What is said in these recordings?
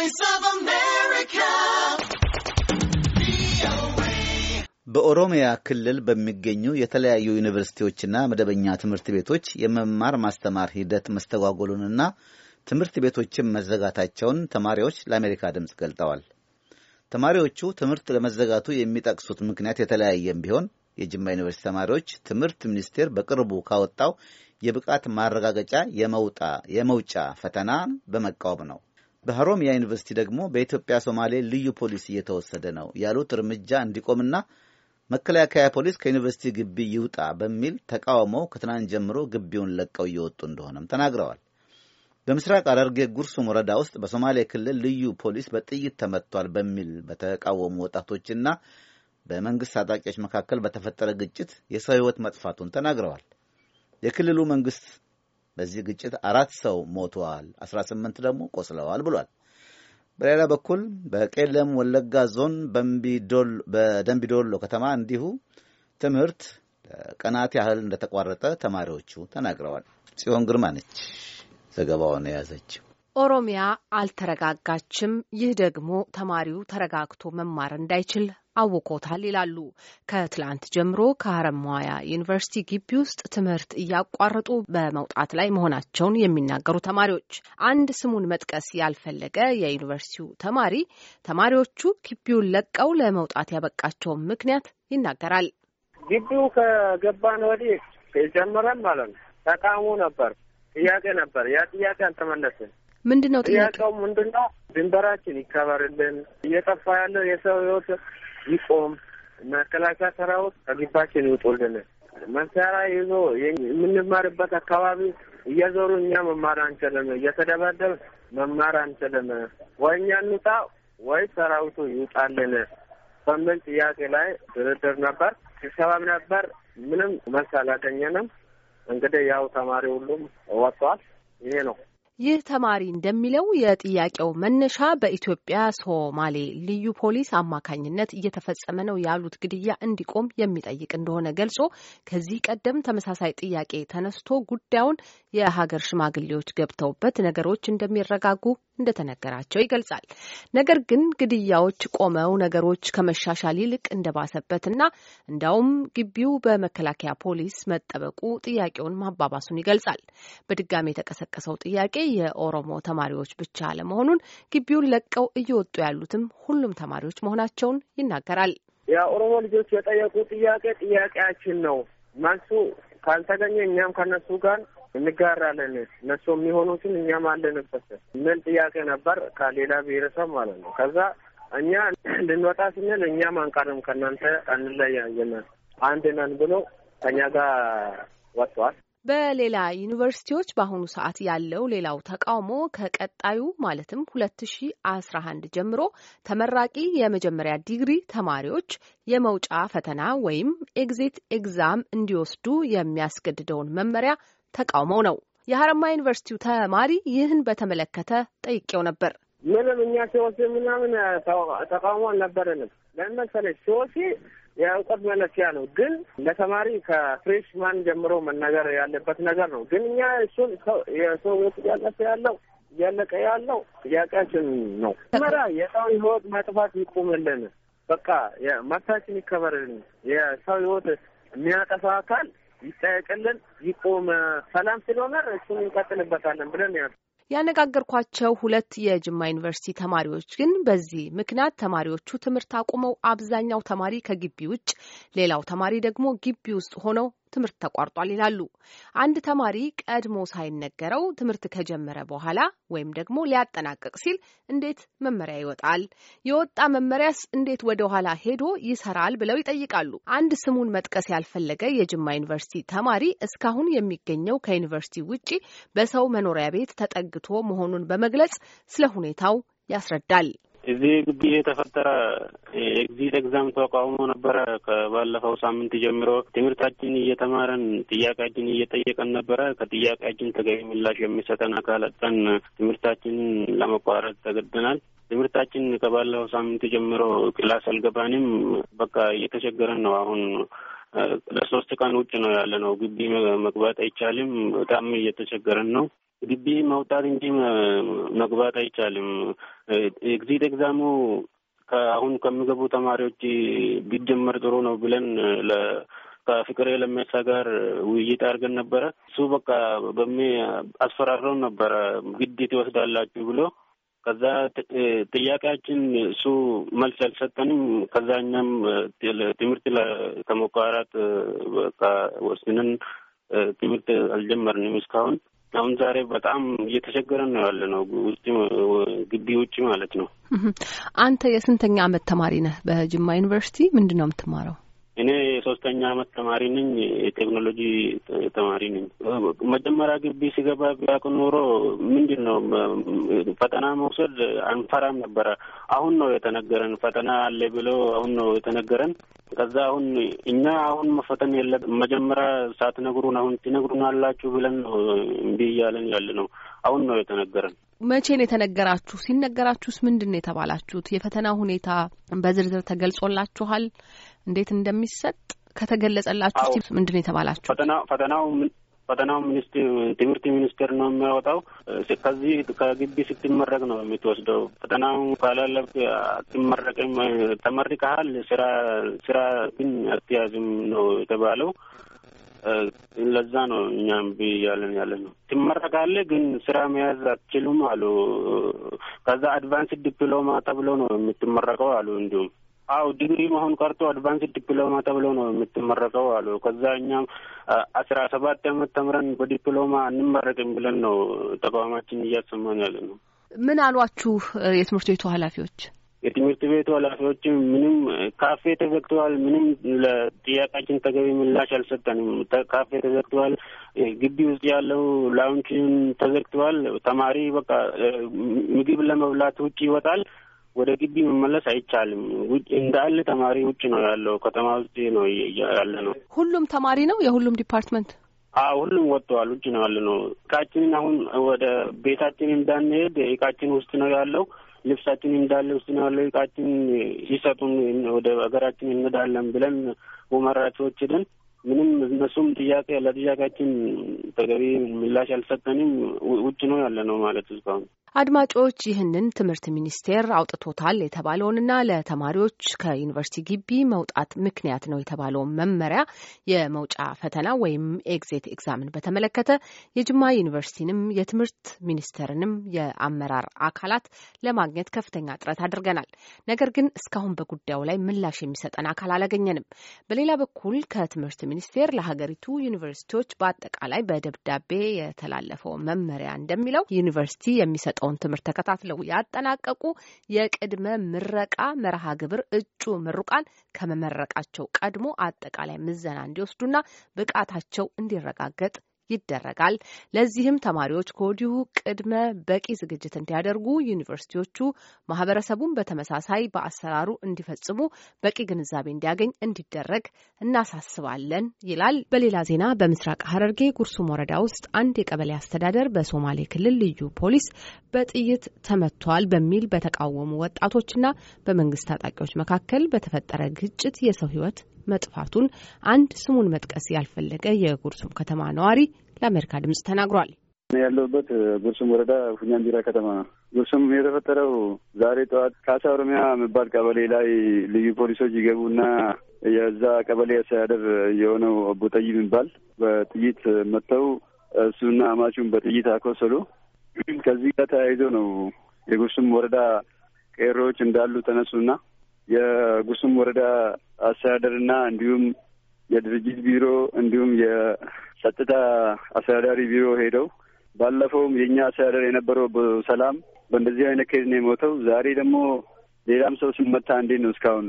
Voice of America. በኦሮሚያ ክልል በሚገኙ የተለያዩ ዩኒቨርሲቲዎችና መደበኛ ትምህርት ቤቶች የመማር ማስተማር ሂደት መስተጓጎሉንና ትምህርት ቤቶችን መዘጋታቸውን ተማሪዎች ለአሜሪካ ድምፅ ገልጠዋል። ተማሪዎቹ ትምህርት ለመዘጋቱ የሚጠቅሱት ምክንያት የተለያየም ቢሆን የጅማ ዩኒቨርሲቲ ተማሪዎች ትምህርት ሚኒስቴር በቅርቡ ካወጣው የብቃት ማረጋገጫ የመውጫ ፈተናን በመቃወም ነው። በሀሮሚያ ዩኒቨርሲቲ ደግሞ በኢትዮጵያ ሶማሌ ልዩ ፖሊስ እየተወሰደ ነው ያሉት እርምጃ እንዲቆምና መከላከያ ፖሊስ ከዩኒቨርሲቲ ግቢ ይውጣ በሚል ተቃውሞ ከትናንት ጀምሮ ግቢውን ለቀው እየወጡ እንደሆነም ተናግረዋል። በምስራቅ ሐረርጌ ጉርሱም ወረዳ ውስጥ በሶማሌ ክልል ልዩ ፖሊስ በጥይት ተመቷል በሚል በተቃወሙ ወጣቶችና በመንግስት ታጣቂዎች መካከል በተፈጠረ ግጭት የሰው ሕይወት መጥፋቱን ተናግረዋል። የክልሉ መንግስት በዚህ ግጭት አራት ሰው ሞተዋል፣ 18 ደግሞ ቆስለዋል ብሏል። በሌላ በኩል በቄለም ወለጋ ዞን በደምቢዶሎ ከተማ እንዲሁ ትምህርት ቀናት ያህል እንደተቋረጠ ተማሪዎቹ ተናግረዋል። ጽዮን ግርማ ነች ዘገባውን የያዘችው። ኦሮሚያ አልተረጋጋችም። ይህ ደግሞ ተማሪው ተረጋግቶ መማር እንዳይችል አውቆታል ይላሉ። ከትላንት ጀምሮ ከሀረማያ ዩኒቨርሲቲ ግቢ ውስጥ ትምህርት እያቋረጡ በመውጣት ላይ መሆናቸውን የሚናገሩ ተማሪዎች አንድ ስሙን መጥቀስ ያልፈለገ የዩኒቨርሲቲው ተማሪ ተማሪዎቹ ግቢውን ለቀው ለመውጣት ያበቃቸውን ምክንያት ይናገራል። ግቢው ከገባን ወዲህ ጀምረን ማለት ነው ተቃውሞ ነበር፣ ጥያቄ ነበር። ያ ጥያቄ አልተመለስን ምንድን ነው ጥያቄው? ምንድን ነው ድንበራችን ይከበርልን፣ እየጠፋ ያለው የሰው ህይወት ይቆም፣ መከላከያ ሰራዊት ከግባችን ይውጡልን። መሳሪያ ይዞ የምንማርበት አካባቢ እየዞሩ እኛ መማር አንችልም፣ እየተደበደብ መማር አንችልም። ወይ እኛ እንውጣ ወይ ሰራዊቱ ይውጣልን በሚል ጥያቄ ላይ ድርድር ነበር፣ ስብሰባም ነበር። ምንም መልስ አላገኘንም። እንግዲህ ያው ተማሪ ሁሉም ወጥቷል። ይሄ ነው። ይህ ተማሪ እንደሚለው የጥያቄው መነሻ በኢትዮጵያ ሶማሌ ልዩ ፖሊስ አማካኝነት እየተፈጸመ ነው ያሉት ግድያ እንዲቆም የሚጠይቅ እንደሆነ ገልጾ ከዚህ ቀደም ተመሳሳይ ጥያቄ ተነስቶ ጉዳዩን የሀገር ሽማግሌዎች ገብተውበት ነገሮች እንደሚረጋጉ እንደተነገራቸው ይገልጻል። ነገር ግን ግድያዎች ቆመው ነገሮች ከመሻሻል ይልቅ እንደባሰበትና እንዲያውም ግቢው በመከላከያ ፖሊስ መጠበቁ ጥያቄውን ማባባሱን ይገልጻል። በድጋሚ የተቀሰቀሰው ጥያቄ የኦሮሞ ተማሪዎች ብቻ አለመሆኑን ግቢውን ለቀው እየወጡ ያሉትም ሁሉም ተማሪዎች መሆናቸውን ይናገራል። የኦሮሞ ልጆች የጠየቁ ጥያቄ ጥያቄያችን ነው። መልሱ ካልተገኘ እኛም ከነሱ ጋር እንጋራለን እነሱ የሚሆኑትን እኛም አለንበት ምን ጥያቄ ነበር ከሌላ ብሔረሰብ ማለት ነው። ከዛ እኛ ልንወጣ ስንል እኛም አንቀርም ከእናንተ አንለያየናል አንድ ነን ብሎ ከኛ ጋር ወጥቷል። በሌላ ዩኒቨርሲቲዎች በአሁኑ ሰዓት ያለው ሌላው ተቃውሞ ከቀጣዩ ማለትም 2011 ጀምሮ ተመራቂ የመጀመሪያ ዲግሪ ተማሪዎች የመውጫ ፈተና ወይም ኤግዚት ኤግዛም እንዲወስዱ የሚያስገድደውን መመሪያ ተቃውሞው ነው። የሀረማ ዩኒቨርሲቲው ተማሪ ይህን በተመለከተ ጠይቄው ነበር። ምንም እኛ ሲወስድ ምናምን ተቃውሞ አልነበረንም። ለምን መሰለሽ የእውቀት መለኪያ ነው። ግን ለተማሪ ከፍሬሽማን ጀምሮ መነገር ያለበት ነገር ነው። ግን እኛ እሱን የሰው ቤት እያለፈ ያለው እያለቀ ያለው ጥያቄያችን ነው። መራ የሰው ህይወት መጥፋት ይቁምልን። በቃ መብታችን ይከበርልን። የሰው ህይወት የሚያጠፋ አካል ይጠየቅልን፣ ይቁም። ሰላም ስለሆነ እሱን እንቀጥልበታለን ብለን ያሉ ያነጋገርኳቸው ሁለት የጅማ ዩኒቨርሲቲ ተማሪዎች ግን በዚህ ምክንያት ተማሪዎቹ ትምህርት አቁመው አብዛኛው ተማሪ ከግቢ ውጭ፣ ሌላው ተማሪ ደግሞ ግቢ ውስጥ ሆነው ትምህርት ተቋርጧል ይላሉ። አንድ ተማሪ ቀድሞ ሳይነገረው ትምህርት ከጀመረ በኋላ ወይም ደግሞ ሊያጠናቅቅ ሲል እንዴት መመሪያ ይወጣል? የወጣ መመሪያስ እንዴት ወደ ኋላ ሄዶ ይሰራል? ብለው ይጠይቃሉ። አንድ ስሙን መጥቀስ ያልፈለገ የጅማ ዩኒቨርሲቲ ተማሪ እስካሁን የሚገኘው ከዩኒቨርሲቲ ውጪ በሰው መኖሪያ ቤት ተጠግቶ መሆኑን በመግለጽ ስለ ሁኔታው ያስረዳል። እዚህ ግቢ የተፈጠረ ኤግዚት ኤግዛም ተቃውሞ ነበረ። ከባለፈው ሳምንት ጀምሮ ትምህርታችን እየተማረን ጥያቄያችን እየጠየቀን ነበረ። ከጥያቄያችን ተገቢ ምላሽ የሚሰጠን አካል አጣን። ትምህርታችንን ለመቋረጥ ተገደናል። ትምህርታችን ከባለፈው ሳምንት ጀምሮ ክላስ አልገባንም። በቃ እየተቸገረን ነው አሁን ለሶስት ቀን ውጭ ነው ያለ ነው። ግቢ መግባት አይቻልም። በጣም እየተቸገረን ነው። ግቢ መውጣት እንጂ መግባት አይቻልም። ኤግዚት ኤግዛሙ አሁን ከሚገቡ ተማሪዎች ቢጀመር ጥሩ ነው ብለን ከፍቅሬ ለመሳ ጋር ውይይት አድርገን ነበረ። እሱ በቃ በሚ አስፈራረውን ነበረ ግዴት ይወስዳላችሁ ብሎ ከዛ ጥያቄያችን እሱ መልስ አልሰጠንም። ከዛ እኛም ትምህርት ከመቋረጥ በቃ ወስንን ትምህርት አልጀመርንም እስካሁን አሁን ዛሬ በጣም እየተቸገረን ነው ያለ ነው ግቢ ውጭ ማለት ነው። አንተ የስንተኛ አመት ተማሪ ነህ? በጅማ ዩኒቨርሲቲ ምንድን ነው የምትማረው? እኔ የሶስተኛ አመት ተማሪ ነኝ። የቴክኖሎጂ ተማሪ ነኝ። መጀመሪያ ግቢ ሲገባ ቢያውቅ ኖሮ ምንድን ነው ፈተና መውሰድ አንፈራም ነበረ። አሁን ነው የተነገረን ፈተና አለ ብለው አሁን ነው የተነገረን። ከዛ አሁን እኛ አሁን መፈተን የለ መጀመሪያ ሳትነግሩን አሁን ትነግሩን አላችሁ ብለን ነው እምቢ እያለን ያለ ነው። አሁን ነው የተነገረን። መቼ ነው የተነገራችሁ? ሲነገራችሁስ ምንድን ነው የተባላችሁት? የፈተና ሁኔታ በዝርዝር ተገልጾላችኋል? እንዴት እንደሚሰጥ ከተገለጸላችሁ ምንድን ነው የተባላችሁ? ፈተና ፈተናው ፈተናው ሚኒስትር ትምህርት ሚኒስቴር ነው የሚያወጣው። ከዚህ ከግቢ ስትመረቅ ነው የምትወስደው። ፈተናው ካላለ አትመረቅም። ተመርቀሃል፣ ስራ ስራ ግን አትያዝም ነው የተባለው። ለዛ ነው እኛም ብ እያለን ያለ ነው። ትመረቃለህ ግን ስራ መያዝ አትችሉም አሉ። ከዛ አድቫንስ ዲፕሎማ ተብሎ ነው የምትመረቀው አሉ እንዲሁም አው ዲግሪ መሆን ቀርቶ አድቫንስ ዲፕሎማ ተብሎ ነው የምትመረቀው አሉ። ከዛ እኛም አስራ ሰባት አመት ተምረን በዲፕሎማ እንመረቅም ብለን ነው ተቃውማችን እያሰማን ያለ ነው። ምን አሏችሁ የትምህርት ቤቱ ኃላፊዎች? የትምህርት ቤቱ ኃላፊዎችም ምንም ካፌ ተዘግተዋል። ምንም ለጥያቄያችን ተገቢ ምላሽ አልሰጠንም። ካፌ ተዘግተዋል። ግቢ ውስጥ ያለው ላውንችን ተዘግተዋል። ተማሪ በቃ ምግብ ለመብላት ውጭ ይወጣል። ወደ ግቢ መመለስ አይቻልም። ውጭ እንዳለ ተማሪ ውጭ ነው ያለው። ከተማ ውስጥ ነው ያለ ነው። ሁሉም ተማሪ ነው። የሁሉም ዲፓርትመንት ሁሉም ወጥተዋል። ውጭ ነው ያለ ነው። እቃችንን አሁን ወደ ቤታችን እንዳንሄድ እቃችን ውስጥ ነው ያለው። ልብሳችን እንዳለ ውስጥ ነው ያለው። እቃችን ይሰጡን፣ ወደ ሀገራችን እንሄዳለን ብለን ወመራቾች ሄደን ምንም እነሱም ጥያቄ ለጥያቄያችን ተገቢ ምላሽ አልሰጠንም። ውጭ ነው ያለ ነው ማለት እስካሁን አድማጮች ይህንን ትምህርት ሚኒስቴር አውጥቶታል የተባለውንና ለተማሪዎች ከዩኒቨርሲቲ ግቢ መውጣት ምክንያት ነው የተባለውን መመሪያ የመውጫ ፈተና ወይም ኤግዜት ኤግዛምን በተመለከተ የጅማ ዩኒቨርሲቲንም የትምህርት ሚኒስቴርንም የአመራር አካላት ለማግኘት ከፍተኛ ጥረት አድርገናል። ነገር ግን እስካሁን በጉዳዩ ላይ ምላሽ የሚሰጠን አካል አላገኘንም። በሌላ በኩል ከትምህርት ሚኒስቴር ለሀገሪቱ ዩኒቨርሲቲዎች በአጠቃላይ በደብዳቤ የተላለፈው መመሪያ እንደሚለው ዩኒቨርሲቲ የሚሰጥ የሚሰጠውን ትምህርት ተከታትለው ያጠናቀቁ የቅድመ ምረቃ መርሃ ግብር እጩ ምሩቃን ከመመረቃቸው ቀድሞ አጠቃላይ ምዘና እንዲወስዱና ብቃታቸው እንዲረጋገጥ ይደረጋል። ለዚህም ተማሪዎች ከወዲሁ ቅድመ በቂ ዝግጅት እንዲያደርጉ ዩኒቨርሲቲዎቹ ማህበረሰቡን በተመሳሳይ በአሰራሩ እንዲፈጽሙ በቂ ግንዛቤ እንዲያገኝ እንዲደረግ እናሳስባለን ይላል። በሌላ ዜና በምስራቅ ሐረርጌ ጉርሱም ወረዳ ውስጥ አንድ የቀበሌ አስተዳደር በሶማሌ ክልል ልዩ ፖሊስ በጥይት ተመቷል በሚል በተቃወሙ ወጣቶችና በመንግስት ታጣቂዎች መካከል በተፈጠረ ግጭት የሰው ህይወት ። መጥፋቱን አንድ ስሙን መጥቀስ ያልፈለገ የጉርሱም ከተማ ነዋሪ ለአሜሪካ ድምጽ ተናግሯል። ያለሁበት ጉርሱም ወረዳ ፉኛን ቢራ ከተማ ነው። ጉርሱም የተፈጠረው ዛሬ ጠዋት ካሳ ኦሮሚያ የሚባል ቀበሌ ላይ ልዩ ፖሊሶች ይገቡና የዛ ቀበሌ አስተዳደር የሆነው አቦ ጠይብ የሚባል በጥይት መጥተው እሱና አማቹን በጥይት አኮሰሉ። ከዚህ ጋር ተያይዞ ነው የጉርሱም ወረዳ ቄሮዎች እንዳሉ ተነሱና የጉሱም ወረዳ አስተዳደርና እንዲሁም የድርጅት ቢሮ እንዲሁም የጸጥታ አስተዳዳሪ ቢሮ ሄደው ባለፈውም የእኛ አስተዳደር የነበረው ሰላም በእንደዚህ አይነት ኬዝ ነው የሞተው። ዛሬ ደግሞ ሌላም ሰው ሲመታ እንዴት ነው እስካሁን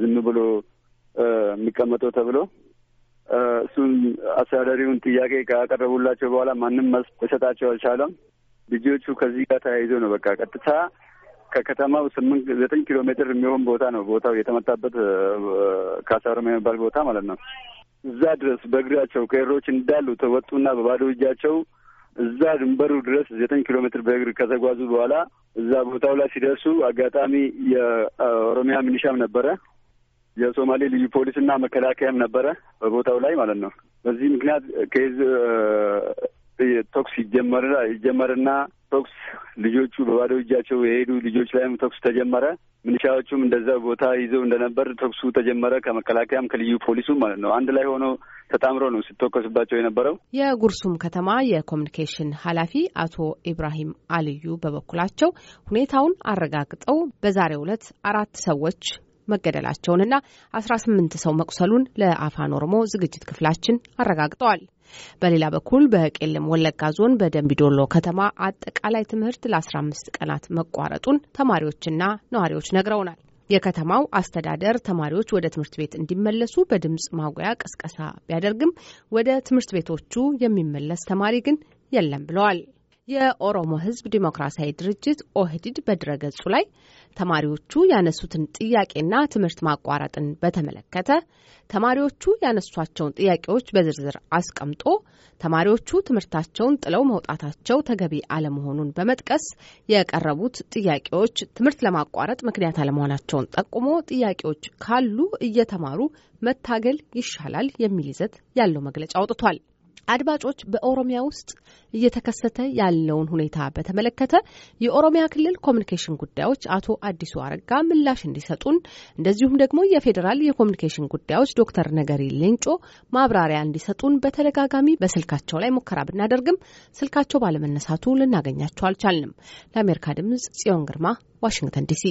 ዝም ብሎ የሚቀመጠው ተብሎ እሱን አስተዳዳሪውን ጥያቄ ካቀረቡላቸው በኋላ ማንም መልስ ሊሰጣቸው አልቻለም። ልጆቹ ከዚህ ጋር ተያይዞ ነው በቃ ቀጥታ ከከተማው ስምንት ዘጠኝ ኪሎ ሜትር የሚሆን ቦታ ነው ቦታው የተመታበት ካሳሮም የሚባል ቦታ ማለት ነው። እዛ ድረስ በእግራቸው ከሄሮች እንዳሉ ተወጡና በባዶ እጃቸው እዛ ድንበሩ ድረስ ዘጠኝ ኪሎ ሜትር በእግር ከተጓዙ በኋላ እዛ ቦታው ላይ ሲደርሱ አጋጣሚ የኦሮሚያ ሚኒሻም ነበረ፣ የሶማሌ ልዩ ፖሊስና መከላከያም ነበረ በቦታው ላይ ማለት ነው። በዚህ ምክንያት ተኩስ ይጀመር ይጀመርና ተኩስ ልጆቹ በባዶ እጃቸው የሄዱ ልጆች ላይም ተኩስ ተጀመረ። ምንሻዎቹም እንደዛ ቦታ ይዘው እንደነበር ተኩሱ ተጀመረ። ከመከላከያም ከልዩ ፖሊሱ ማለት ነው አንድ ላይ ሆኖ ተጣምሮ ነው ሲተኮስባቸው የነበረው። የጉርሱም ከተማ የኮሚኒኬሽን ኃላፊ አቶ ኢብራሂም አልዩ በበኩላቸው ሁኔታውን አረጋግጠው በዛሬው ዕለት አራት ሰዎች መገደላቸውንና አስራ ስምንት ሰው መቁሰሉን ለአፋን ኦሮሞ ዝግጅት ክፍላችን አረጋግጠዋል። በሌላ በኩል በቄለም ወለጋ ዞን በደንቢዶሎ ከተማ አጠቃላይ ትምህርት ለ15 ቀናት መቋረጡን ተማሪዎችና ነዋሪዎች ነግረውናል። የከተማው አስተዳደር ተማሪዎች ወደ ትምህርት ቤት እንዲመለሱ በድምፅ ማጉያ ቅስቀሳ ቢያደርግም ወደ ትምህርት ቤቶቹ የሚመለስ ተማሪ ግን የለም ብለዋል። የኦሮሞ ሕዝብ ዲሞክራሲያዊ ድርጅት ኦህዲድ በድረገጹ ላይ ተማሪዎቹ ያነሱትን ጥያቄና ትምህርት ማቋረጥን በተመለከተ ተማሪዎቹ ያነሷቸውን ጥያቄዎች በዝርዝር አስቀምጦ ተማሪዎቹ ትምህርታቸውን ጥለው መውጣታቸው ተገቢ አለመሆኑን በመጥቀስ የቀረቡት ጥያቄዎች ትምህርት ለማቋረጥ ምክንያት አለመሆናቸውን ጠቁሞ ጥያቄዎች ካሉ እየተማሩ መታገል ይሻላል የሚል ይዘት ያለው መግለጫ አውጥቷል። አድማጮች በኦሮሚያ ውስጥ እየተከሰተ ያለውን ሁኔታ በተመለከተ የኦሮሚያ ክልል ኮሚኒኬሽን ጉዳዮች አቶ አዲሱ አረጋ ምላሽ እንዲሰጡን እንደዚሁም ደግሞ የፌዴራል የኮሚኒኬሽን ጉዳዮች ዶክተር ነገሪ ሌንጮ ማብራሪያ እንዲሰጡን በተደጋጋሚ በስልካቸው ላይ ሙከራ ብናደርግም ስልካቸው ባለመነሳቱ ልናገኛቸው አልቻልንም። ለአሜሪካ ድምጽ ጽዮን ግርማ ዋሽንግተን ዲሲ